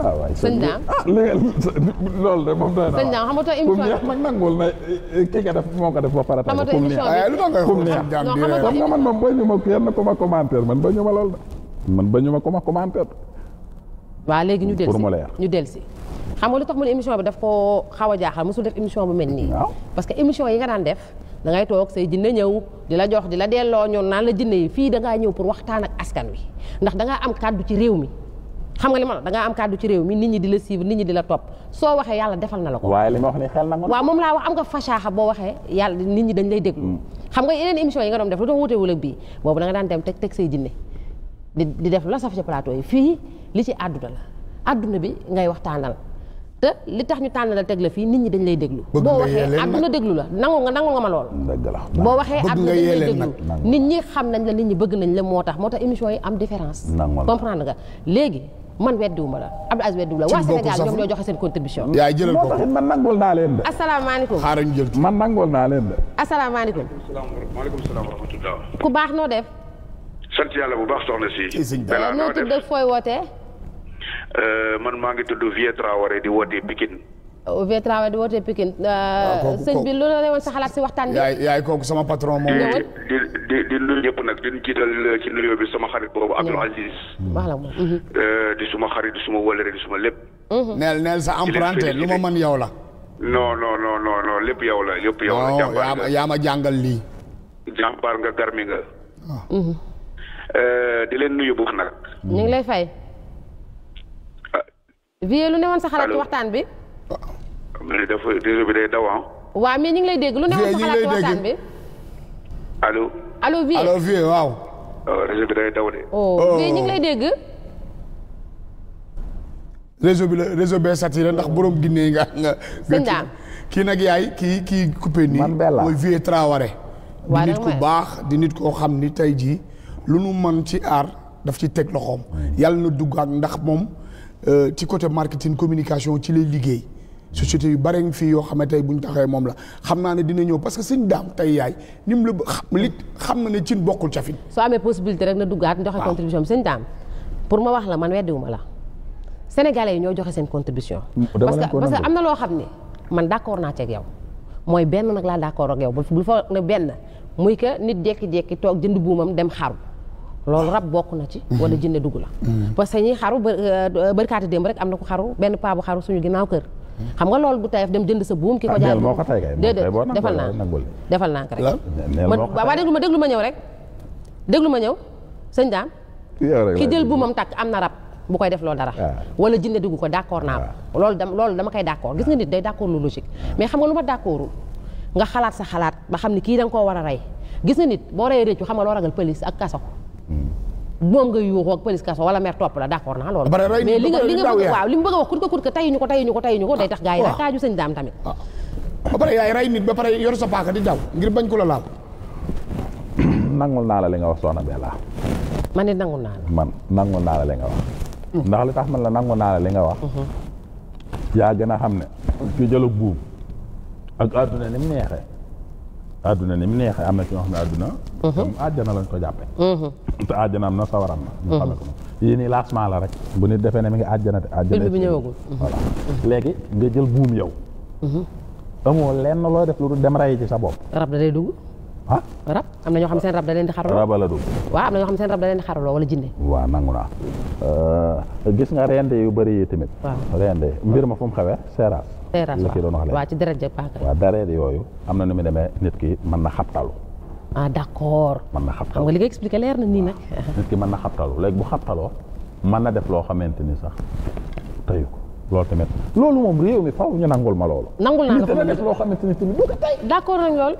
ah waay sëñ Dame ah loolu de moom doy na sëñ Dame xam eh, nga émission bi nag ah, nangul bi lu tax nga man moom boo ñu ma ko ma commentaire man ba ñu ma lool de. man ba ñu ma comment commenter. waaw léegi ñu dellu si ñu dellu si xam nga lu tax mu ne émission bi daf koo xaw a jaaxal mosul def émission bu mel nii. parce que émission yi nga daan def. da ngay toog say jinne ñëw di la jox di la delloo ñoon naan la jinne yi fii da ngaa ñëw pour waxtaan ak askan wi ndax da ngaa am kàddu ci réew mi xam nga li ma la am kàddu ci réew mi nit ñi di la suivre nit ñi di la topp soo waxee yàlla defal na la ko. waaye li ma wax ni xel na nga. waaw moom laa wax am nga fasaaxa boo waxee yàlla nit ñi dañ lay déglu. Hmm. daan dem teg teg say jinne di def la saf ci plateau yi fii li ci àdduna la àdduna bi ngay waxtaanal te li tax ñu tànnal teg la fii nit ñi dañ lay déglu boo waxee àdduna déglu la nangu nga nangu nga ma lool boo waxee àdduna déglu nit ñi xam nañ la nit ñi bëgg nañ la moo tax moo tax émission yi am différence comprendre nga léegi man weddiwuma la Abdou Aziz weddiwu la waa Sénégal ñoom ñoo joxe seen contribution yaay jëlal ko man nangool naa leen de asalaamaaleykum xaaral ñu jël man nangool naa baax noo def sant yàlla bu baax soxna si. sëñ Dara euh, man maa ngi tudd Vieux Traoré di wootee Pikine. Oh, Vieux Traoré di wootee Pikine. Euh, sëñ bi loolu la woon sa xalaat si waxtaan bi. sama patron di di di nag di jiital euh, bi sama xarit boobu mm-hmm. di suma xarit di suma wëlëre di suma lépp. Mm-hmm. neel neel sa emprunté lu ma mën yow la. non non non lépp yow la lépp yow la. jàngal lii. jàmbaar nga garmi nga. Ah. Mm-hmm. Euh, di leen nuyu nag. ñu ngi lay fay. Ah. vie lu ne woon sa xalaat ci waxtaan bi. li bi day daw ah. waaw mais ñu ngi lay dégg lu ne woon sa xalaat ci waxtaan bi. allo. vie vie waaw. Oh, réseau bi day daw de. oh, oh. ñu ngi lay dégg. réseau bi la réseau bee saturé ndax boroom Guinée nga nga. nga kii nag yaay kii kii coupé nii. man mooy vie Traoré. di nit ku baax di nit koo xam ni tey jii. lu mu man ci aar daf ci teg loxoom. yàlla na duggaat ndax moom euh, ci côté marketing communication ci lay liggéey. société yu bari bare fii yoo xam ne bu ñu taxawee moom la xam naa ne dina ñëw parce que suñ daam tey yaay ni mu la li xam na ne cin bokkul cafin soo amee possibilité rek na duggaat joxe contribution bi suñ daam ma wax la man weddiwuma la sénégalais yi ñoo joxe seen contribution mm, parce que parce que am na loo xam ne man d'accord naa ci ak yow mooy benn nag laa d'accord ak yow bul fa ne benn muy que nit jékki-jékki toog jënd buumam dem xaru loolu rab bokk na ci mhm. wala jinne dugg la mhm. parce que ñi xaru euh, euh, bërkaati démb rek am na ko xaru benn paa xaru suñu ginnaaw kër mhm. xam nga loolu bu tayef dem jënd sa buum ki ko jaay déedéet defal naa defal naa ko rek waaw déglu ma déglu ma ñëw rek déglu ma ñëw sëñ daam ki jël buumam takk am na rab bu def loolu dara ah. wala jinne dugg ko d'accord naa ko ah. loolu dam loolu dama koy d'accord gis nga nit day d'accord lu logique ah. mais xam nga lu ma d'accordul nga xalaat sa xalaat ba xam ne kii da nga koo war a rey gis nga nit boo rey réccu xam nga loo ragal pëlis ak kaso moom nga yuuxoo ak police kaso wala mer topp la d'accord naa loolu mais li nga bëgg waaw li mu bëgg a wax kut ko kut ko tayuñu ko tayuñu ko tayuñu ko day tax gars yi taaju ba pare rey nit ba pare yor sa paaka di daw ngir bañ ko la laal *coughs* nangul naa la li nga wax soxna Bella man it nangul naa la man nangul naa li nga wax mm. ndax li tax man la nangul naa la li nga wax mm-hmm. yaa gën a xam ne ci jëlu buum ak àdduna ni mu neexee àdduna ni mu neexee am na ci ñoo xam ne àdduna ñoom mm-hmm. àjjana lañ ko jàppe mm-hmm. te àjjana am na sawaram na ñu mm-hmm. xamee ko yii nii lancement la rek bu nit defee ne mi ngi àjjana te àjjana bi ñëwagul voilà léegi nga jël buum yow amoo lenn loo def lu dul dem rey ci sa bopp rab da day dugg ah rab am na ñoo xam seen rab da leen di xaraloo rab la dugg waaw am na ñoo xam seen rab da leen di xaraloo wala jinne waaw nangu naa euh, gis nga rende yu bëri yi tamit waaw rende mbir ma fu mu xewee seeraas seeraas la ki doon wax léegi waaw ci deret ja paaka waaw deret yooyu am na nu mu demee nit ki mën na xabtalu ah d' accord. mën na xabtal xam nga li nga expliqué leer na nii nag. nit ki mën na xabtaloo léegi bu xabtaloo man na def loo xamante ni sax tayu ko loolu tamit loolu moom réew mi faaw ñu nangul ma loolu. nangul naa la ko def loo xamante ni tamit d' accord nañ lool.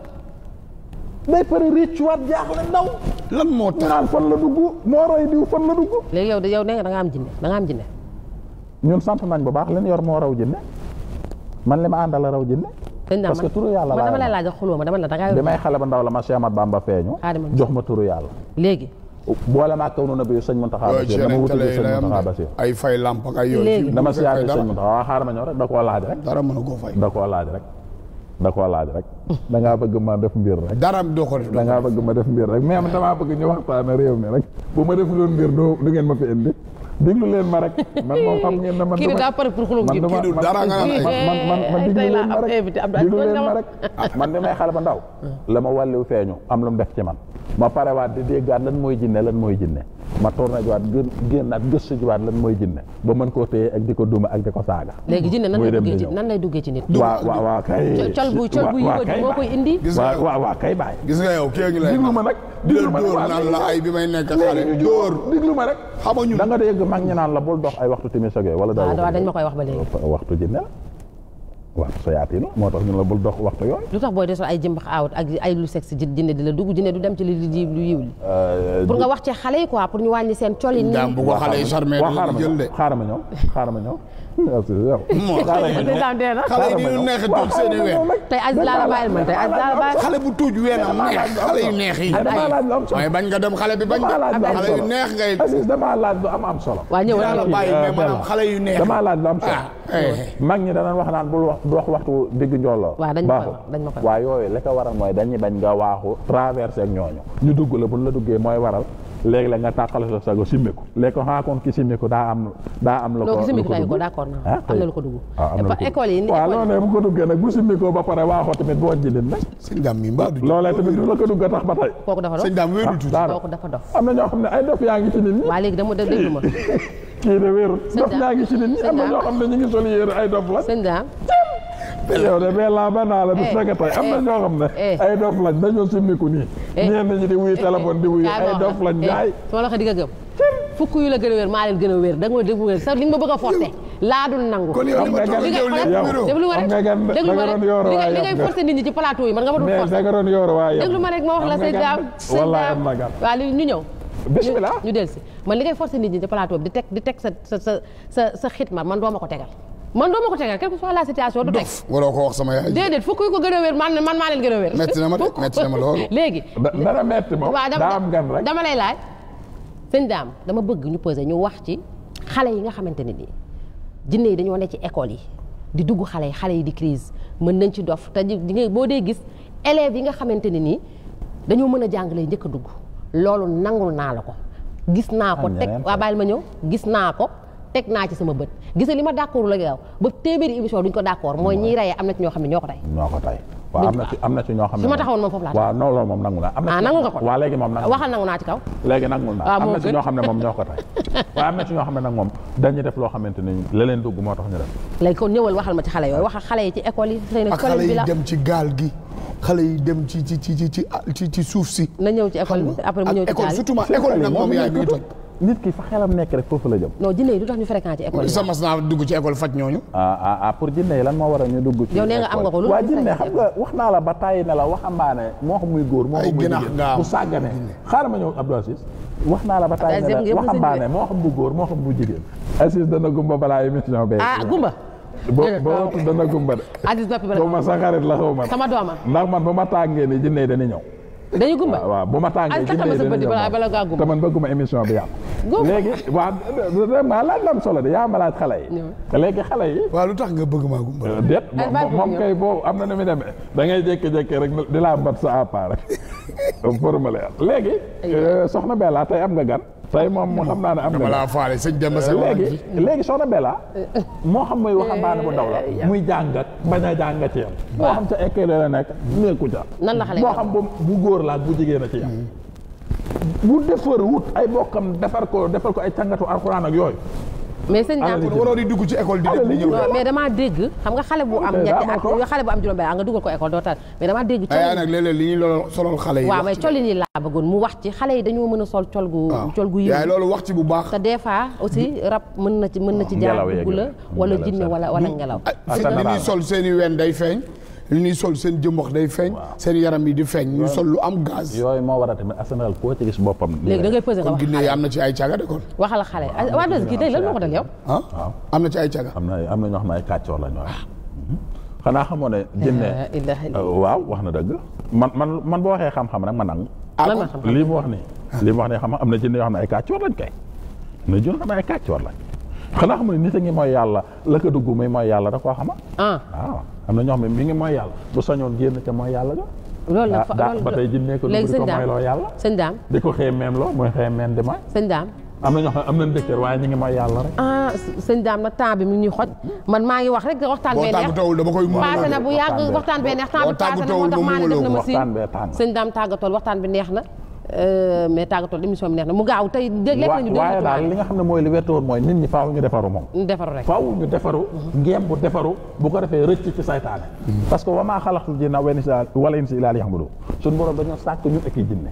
day moo tax naan fan la dugg moo roy diw fan la dugg. léegi yow de yow nee nga am jinne da nga am jinne ñun sant nañ bu baax leen yor moo raw jinne man li ma àndal raw jinne parce que turu yàlla laa dama la laaj xuloo ma dama la da may xale ba ndaw la ma Cheikh Ahmad Bamba feeñu ah, jox ma turu yàlla léegi boole maa kaw na bi sëñ Mountakha Bassir dama wuti sëñ Mountakha Bassir ay fay lamp ak ay yooyu dama siyaare sëñ Mountakha waa ma ñëw rek da koo laaj rek a da koo laaj rek da bëgg ma def mbir rek bëgg ma def mbir rek mais damaa bëgg ñu waxtaane réew mi rek bu ma def mbir doo du ngeen ma fi indi déglu leen ma rek man moom xam ngeen ne man. kii daa pare pour xulóom gi man man déglu leen ma rek déglu leen ma rek man may xale ba ndaw. Ah. la ma wàllu feeñu am lu mu def ci man. ma parewaat di déggaat lan mooy jinne lan mooy jinne ma tourné jiwaat gën génnaat gëstu jiwaat lan mooy jinne ba mën koo téye ak di ko duma ak di ko saaga. léegi jinne nan lay duggee ci nan lay duggee ci nit. waaw waaw waaw kay. col bu col bu yiwa ji kay bàyyi. gis nga yow kii ngi ma nag. diglu la ay bi may nekk xale. dóor da nga dégg mag ñi naan la bul dox ay waxtu timis ak yooyu wala. waaw ah, waaw dañ ma koy wax ba léegi waxtu jinne waaw soyaatinu moo tax ñu la bul dox waxtu yoon. lu tax booy desal ay jëmbax aawut ak ay lu sexe jinne di la dugg jinne du dem ci li li lu yiw li euh, pour nga wax ci xale yi quoi pour ñu wàññi seen col yi. nii bu ko xale yi charmé du jël de xaaral ma ñëw xaaral ma ñëw xale yi ñu neex a tuuj seen as laa la bàyyil man tey as laa la bàyyil. xale bu tuuj weenam neex xale yu neex yi. waaye bañ nga dem xale bi bañ damaa laaj lu am am solo. waa ñëw la la damaa laaj lu am solo. Ah, eh, eh. mag ñi danañ wax naan bul wax dox waxtu digg njooloo. waaw dañ ma ko dañ ma ko yooyu li ko waral mooy dañuy bañ nga waaxu traversé ak ñooñu. ñu dugg la bu la duggee mooy waral léeg-léeg nga tàqale sa sago simmiku léegi ko kon ki simmiku daa am daa la ko simmiku daa ko d'accord ah, ah, am na lu ko dugg école yi waaw loolee bu ko duggee nag ba pare waaxoo tamit boo jëlin nag sëñ du la ko dugg tax ba tey kooku dafa dof sëñ daam wéeru ah, dafa dof am na ñoo xam ne ay dof yaa ngi ci waa léegi dama déglu ma kii de wéeru dof yaa ngi ci nit ñi am na ñoo xam ne ñu ngi sol yéer ay dof la mais yow de mais laa ba naa la bis naka tey am na eh, ñoo xam ne eh. ay dof lañ dañoo simmiku nii eh, ñenn ñi di wuyu téléphone di wuyu ay dof lañ jaay sama loxo di nga gëm fukk a a ma li a laa dul nangu kon yow nga gan déglu ma rek déglu ngay forcé nit ñi ci plateau yi man nga ma dul forcé da nga doon ma rek ma la say del si man li ngay forcé nit ñi ci plateau di teg di teg sa sa sa sa sa xitma man doo ma ko tegal man doo ma ko tegal quelle que soit la situation. du teg waroo ko wax sama yaay. déedéet fukk yu ko gën man man maa leen gën metti na ma de metti na ma *laughs* léegi dara metti daa am gan rek dama lay laaj. sëñ daam dama bëgg ñu posé ñu wax ci xale yi nga xamante ne nii jinne yi dañoo ne ci école yi di dugg xale yi xale yi di crise mën nañ ci dof te di boo dee gis élèves yi nga xamante ne nii dañoo mën a jàng lay njëkk a dugg loolu nangul naa la ko gis naa ko teg waa bàyyil ma ñëw gis naa ko teg naa ci sama bët gis li ma d'accord la yow ba téeméeri émission duñ ko d'accord mooy ñiy rayee am na ci ñoo xam ne ñoo ko tey ñoo am na ci ñoo xam ne ma taxawoon moom na moom nangu ah, waxal nangu naa ci kaw léegi ah, ne moom ñoo ko *laughs* nag moom dañuy def loo xamante ni la leen dugg moo tax ñu def léegi kon ñëwal waxal ma ci xale yooyu waxal xale yi ci école yi xale yi dem ci gaal gi xale yi dem ci ci ci suuf si na ñëw ci école après mu ñëw ci gaal gi surtout nag moom yaay mi toj nit ki fa xelam nekk rek foofu la jëm. non jinne yi du tax ñu fréquenté école yi. sa mas naa dugg ci école faj ñooñu. ah ah, ah pour jinne yi lan moo war a ñu dugg. ci yow nee nga am nga wax naa la ba tàyyi ne la waxambaane moo xam muy góor moo xam muy jigéen bu ma ñëw Abdou wax naa la ba tàyyi ne la waxambaane moo xam bu góor moo xam bu jigéen Aziz dana gumba balaa émission bee ah gumba boo eh, boo ah, dana gumba de Aziz noppi ba ma sa xarit la xaw ma sama dooma ndax man ba ma tàngee ni jinne yi dañuy ñëw dañu gumba waaw bu ma tàngee te man bëgguma émission bi yàqu léegi waaw vraiment laaj lam solo de yaa ma laaj xale yi léegi xale yi waaw lu tax nga bëgguma maa gumba eh, déet moom kay boobu am na nu muy demee da ngay jékki rek di laa mbat sa àppa rek *laughs* pour mu leer léegi eh, soxna Bella tey am nga gan tey moom xam naa ne am na laa faale sëñ Demba Seck léegi léegi soxna Bella moo xam muy waxambaane bu ndaw la eh, eh, eh, muy jàngat bañ a jàngat ci yam moo xam ca école la nekk nekku ca nan la xale moo xam bu góor la ak bu jigéen a ci yam mm. bu defar wut ay bokkam defar ko defar ko ay càngatu alxuraan ak yooyu mais sëñ bi ah, waroo di dugg ci école di dem di ñëw mais damaa dégg xam nga xale bu am ñetti at nga xale bu am juróom nga dugal ko école doo tar mais damaa dégg colin ah, nag léeg-léeg li ñuy lool solol xale yi waaw mais colin yi laa bëggoon mu wax ci xale yi dañoo mën a sol col gu ah. col gu yëngu loolu wax ci bu baax te des fois aussi rab mën na ci mën na ci jaar dugg la wala jinne wala wala ngelaw li ñuy sol seen i ween day feeñ li ñuy sol seen jëm day feeñ. seen yaram yi di feeñ. ñu sol lu am gaz. yooyu moo waral tamit Arsenal koo ci gis boppam. léegi da ngay peser kon Guinée am na ci ay caga de kon. waxal xale waaw des Guinée lan ah, waaw na ay caga. am na am na ñoo xam ne ay kàccoor la ñu mhm. xanaa xamoo ne. jëndee euh, waaw wax na dëgg. man man man boo waxee xam-xam rek ma nangu. Ah, lii mu wax nii. Ah. lii mu wax nii xam am na ci yoo xam ne ay kàccoor lañ koy. na jur xam ne ay kàccoor lañ xanaa xam ne nit a ngi mooy yàlla la ko dugg muy mooy yàlla da koo xama ah. na ñoo xam ne mi ngi mooy yàlla bu soñoon génn ca mooy yàlla ga loolu la daa ba tey jinne ko dugg di ko am na ñoo xam ne am nañ dëkkër waaye ñu ngi mooy yàlla rek ah sëñ daam na temps bi mu ñuy xoj man maa ngi wax rek waxtaan bee neex paase na bu yàgg waxtaan bee neex temps bi paase na moo tax maa ne def sëñ daam tàggatool waxtaan bi neex na Euh, mais tàggatoo émission bi neex na mu gaaw tey. léeg-léeg nañu waaye daal li nga xam ne mooy li wér woon mooy nit ñi faaw ñu defaru moom. ñu defaru rek faaw ñu defaru. ngeen bu defaru bu ko defee rëcc ci saytaane. parce que wa maa xalaqtul jinna wal insa illa liya'budun. suñu borom ñu sàkk ñun ak i jinne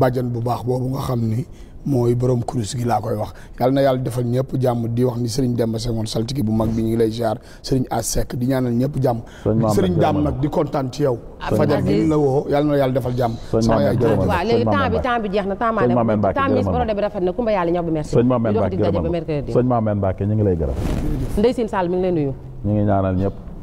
bàjjan bu baax boobu nga xam ni mooy borom kurus gi laa koy wax yàlla na yàlla defal ñëpp jàmm di wax ni sëriñ Demba Senghor saltigi bu mag bi ñu ngi lay ziar sëriñ Asek di ñaanal ñëpp jàmm sëriñ la woo yàlla na yàlla defal jàmm sama yaay jërëjëf waaw léegi temps bi temps bi ñu ñu ñaanal ñëpp